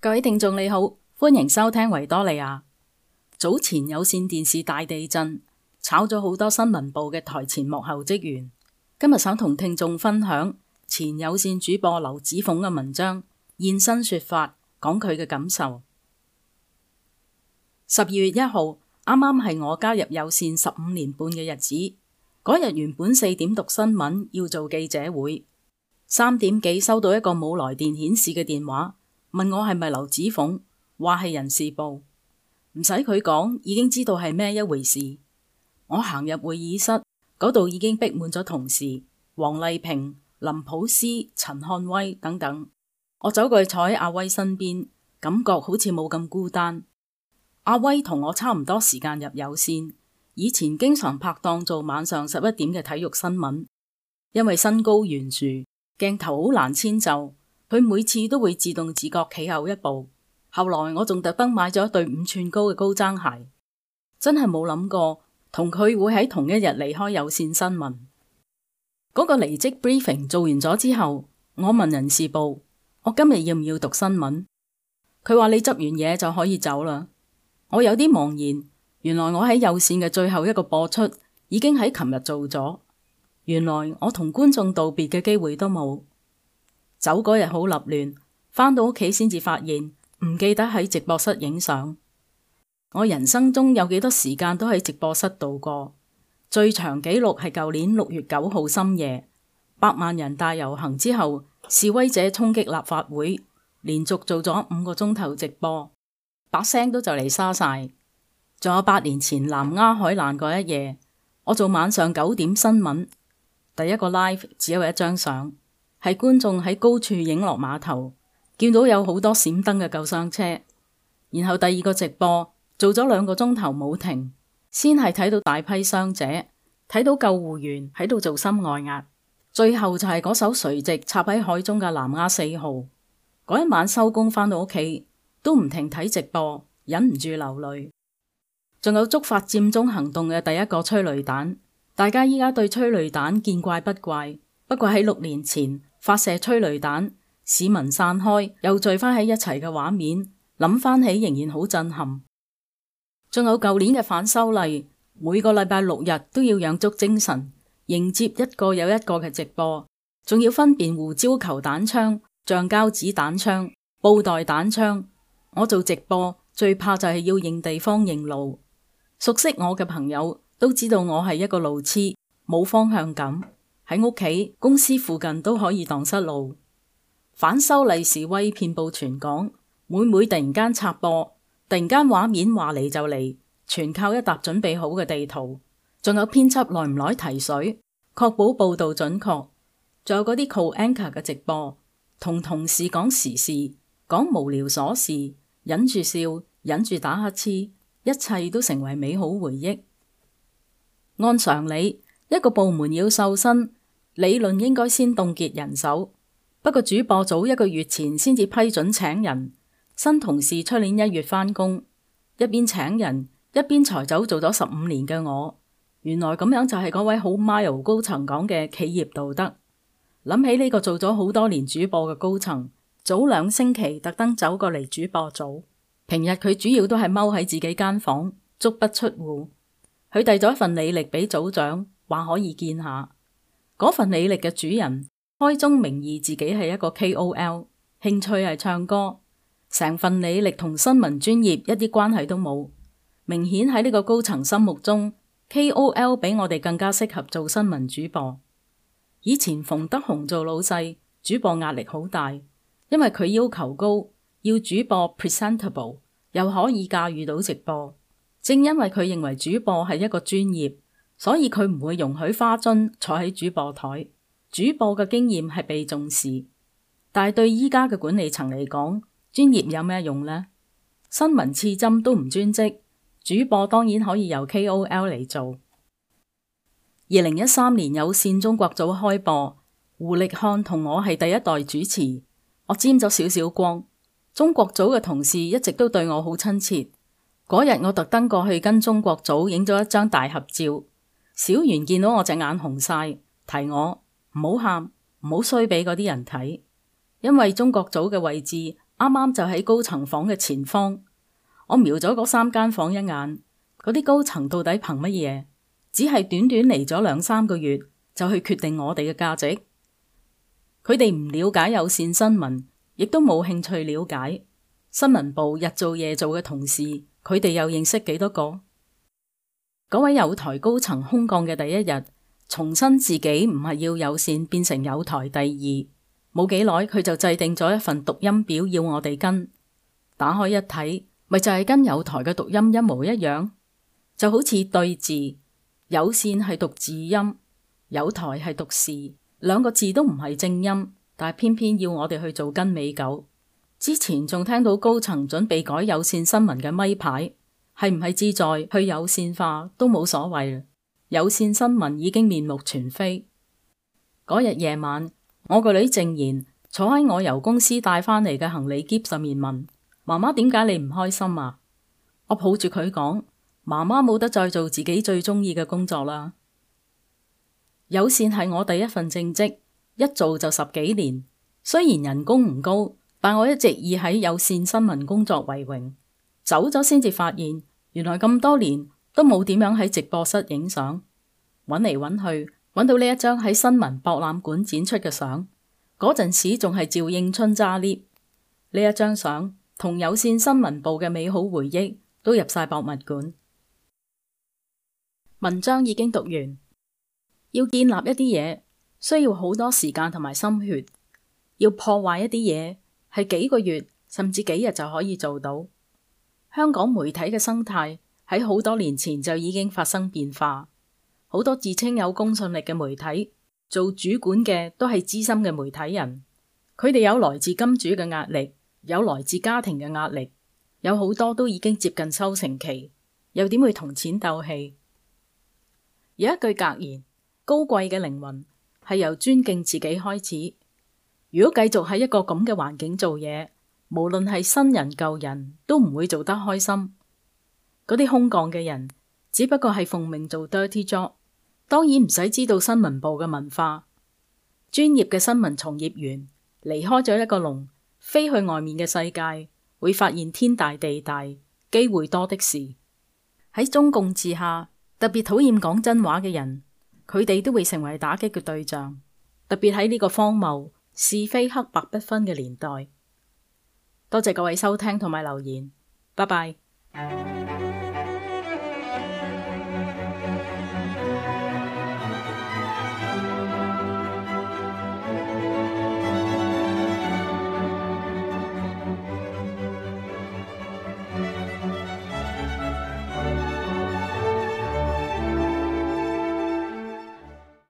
各位聽眾你好，歡迎收聽維多利亞。早前有線電視大地震，炒咗好多新聞部嘅台前幕後職員。今日想同聽眾分享前有線主播劉紫鳳嘅文章現身說法，講佢嘅感受。十二月一號啱啱係我加入有線十五年半嘅日子，嗰日原本四點讀新聞，要做記者會，三點幾收到一個冇來電顯示嘅電話。問我係咪劉紫鳳，話係人事部，唔使佢講，已經知道係咩一回事。我行入會議室，嗰度已經逼滿咗同事，王麗萍、林普思、陳漢威等等。我走過去坐喺阿威身邊，感覺好似冇咁孤單。阿威同我差唔多時間入有線，以前經常拍檔做晚上十一點嘅體育新聞，因為身高懸殊，鏡頭好難遷就。佢每次都會自動自覺企後一步。後來我仲特登買咗對五寸高嘅高踭鞋，真係冇諗過同佢會喺同一日離開有綫新聞。嗰個離職 briefing 做完咗之後，我問人事部：我今日要唔要讀新聞？佢話你執完嘢就可以走啦。我有啲茫然，原來我喺有綫嘅最後一個播出已經喺琴日做咗，原來我同觀眾道別嘅機會都冇。走嗰日好立亂，返到屋企先至發現唔記得喺直播室影相。我人生中有幾多時間都喺直播室度過，最長紀錄係舊年六月九號深夜，百萬人大遊行之後，示威者衝擊立法會，連續做咗五個鐘頭直播，把聲都就嚟沙晒。仲有八年前南丫海難嗰一夜，我做晚上九點新聞第一個 live，只有一張相。係觀眾喺高處影落碼頭，見到有好多閃燈嘅救傷車。然後第二個直播做咗兩個鐘頭冇停，先係睇到大批傷者，睇到救護員喺度做心外壓。最後就係嗰艘垂直插喺海中嘅南丫四號。嗰一晚收工翻到屋企都唔停睇直播，忍唔住流淚。仲有觸發佔中行動嘅第一個催淚彈，大家依家對催淚彈見怪不怪。不過喺六年前，發射催淚彈，市民散開又聚翻喺一齊嘅畫面，諗翻起仍然好震撼。仲有舊年嘅反修例，每個禮拜六日都要養足精神迎接一個又一個嘅直播，仲要分辨胡椒球彈槍、橡膠子彈槍、布袋彈槍。我做直播最怕就係要認地方認路，熟悉我嘅朋友都知道我係一個路痴，冇方向感。喺屋企、公司附近都可以蕩失路，反修例示威遍布全港。每每突然間插播，突然間畫面話嚟就嚟，全靠一沓準備好嘅地圖，仲有編輯耐唔耐提水，確保報道準確。仲有嗰啲 call anchor 嘅直播，同同事講時事，講無聊瑣事，忍住笑，忍住打乞嗤，一切都成為美好回憶。按常理，一個部門要瘦身。理論應該先凍結人手，不過主播組一個月前先至批准請人，新同事出年一月翻工，一邊請人一邊裁走做咗十五年嘅我。原來咁樣就係嗰位好 mail 高層講嘅企業道德。諗起呢個做咗好多年主播嘅高層，早兩星期特登走過嚟主播組，平日佢主要都係踎喺自己間房，足不出戶。佢遞咗一份履歷俾組長，話可以見下。嗰份履歷嘅主人開宗明義，自己係一個 KOL，興趣係唱歌，成份履歷同新聞專業一啲關係都冇，明顯喺呢個高層心目中，KOL 比我哋更加適合做新聞主播。以前馮德雄做老細，主播壓力好大，因為佢要求高，要主播 presentable，又可以駕馭到直播。正因為佢認為主播係一個專業。所以佢唔會容許花樽坐喺主播台。主播嘅經驗係被重視，但係對依家嘅管理層嚟講，專業有咩用呢？新聞刺針都唔專職，主播當然可以由 KOL 嚟做。二零一三年有線中國組開播，胡力漢同我係第一代主持，我沾咗少少光。中國組嘅同事一直都對我好親切。嗰日我特登過去跟中國組影咗一張大合照。小圓見到我隻眼紅晒，提我唔好喊，唔好衰俾嗰啲人睇。因為中國組嘅位置啱啱就喺高層房嘅前方，我瞄咗嗰三間房一眼，嗰啲高層到底憑乜嘢？只係短短嚟咗兩三個月就去決定我哋嘅價值？佢哋唔了解有線新聞，亦都冇興趣了解。新聞部日做夜做嘅同事，佢哋又認識幾多個？嗰位友台高層空降嘅第一日，重申自己唔係要有綫變成友台第二。冇幾耐，佢就制定咗一份讀音表要我哋跟。打開一睇，咪就係跟友台嘅讀音一模一樣，就好似對字。有綫係讀字音，友台係讀士，兩個字都唔係正音，但係偏偏要我哋去做跟尾狗。之前仲聽到高層準備改有綫新聞嘅咪牌。係唔係志在去有線化都冇所謂。有線新聞已經面目全非。嗰日夜晚，我個女靜言坐喺我由公司帶翻嚟嘅行李箧上面問：媽媽點解你唔開心啊？我抱住佢講：媽媽冇得再做自己最中意嘅工作啦。有線係我第一份正職，一做就十幾年。雖然人工唔高，但我一直以喺有線新聞工作為榮。走咗先至，發現原來咁多年都冇點樣喺直播室影相，揾嚟揾去，揾到呢一張喺新聞博覽館展出嘅相。嗰陣時仲係趙應春揸 l 呢一張相，同有線新聞部嘅美好回憶都入晒博物館。文章已經讀完，要建立一啲嘢需要好多時間同埋心血，要破壞一啲嘢係幾個月甚至幾日就可以做到。香港媒體嘅生態喺好多年前就已經發生變化，好多自稱有公信力嘅媒體，做主管嘅都係資深嘅媒體人，佢哋有來自金主嘅壓力，有來自家庭嘅壓力，有好多都已經接近收成期，又點會同錢鬥氣？有一句格言：高貴嘅靈魂係由尊敬自己開始。如果繼續喺一個咁嘅環境做嘢，無論係新人舊人，都唔會做得開心。嗰啲空降嘅人，只不過係奉命做 dirty job，當然唔使知道新聞部嘅文化。專業嘅新聞從業員離開咗一個籠，飛去外面嘅世界，會發現天大地大，機會多的是。喺中共治下，特別討厭講真話嘅人，佢哋都會成為打擊嘅對象。特別喺呢個荒謬、是非黑白不分嘅年代。多謝各位收聽同埋留言，拜拜。